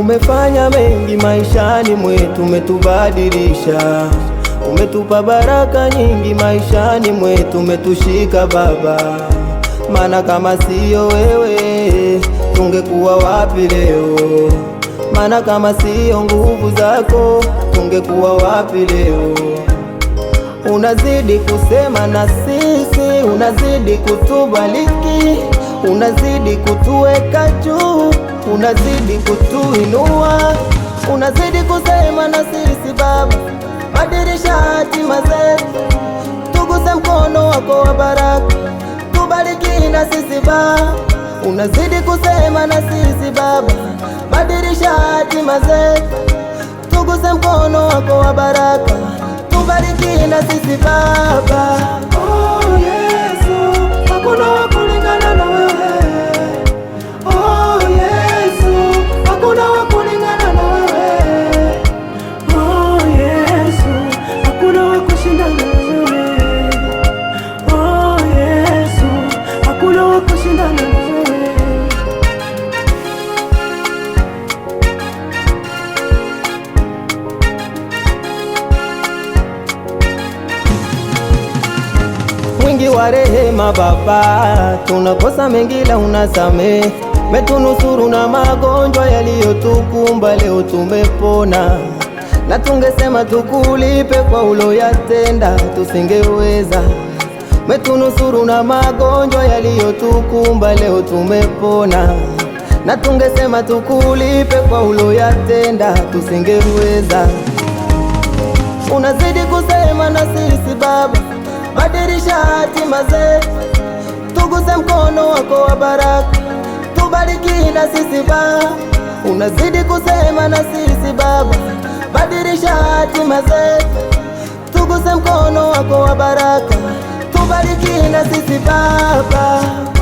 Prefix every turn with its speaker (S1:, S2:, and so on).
S1: Umefanya mengi maishani mwetu, umetubadilisha, umetupa baraka nyingi maishani mwetu, umetushika Baba, mana kama siyo wewe tungekuwa wapi leo? Mana kama siyo nguvu zako tungekuwa wapi leo? Unazidi kusema na sisi, unazidi kutubariki, unazidi kutuweka juu, unazidi kutuinua, unazidi kusema na sisi Baba, badilisha hatima zetu, tuguse mkono wako wa baraka, tubariki na sisi Baba, unazidi kusema na sisi Baba, badilisha hatima zetu Tuguze mkono wako wa baraka, tubariki na sisi Baba. mwingi wa rehema, Baba, tunakosa mengi la unasame, metunusuru na magonjwa yaliyotukumba, leo tumepona, na tungesema tukulipe kwa ulo yatenda tusingeweza. Metunusuru na magonjwa yaliyotukumba, leo tumepona, na tungesema tukulipe kwa ulo yatenda tusingeweza. Unazidi kusema na sisi Baba hatima zetu, tuguse mkono wako wa baraka, tubariki na sisi Baba, unazidi kusema na sisi Baba, badilisha hatima zetu, tuguse mkono wako wa baraka, tubariki na sisi Baba.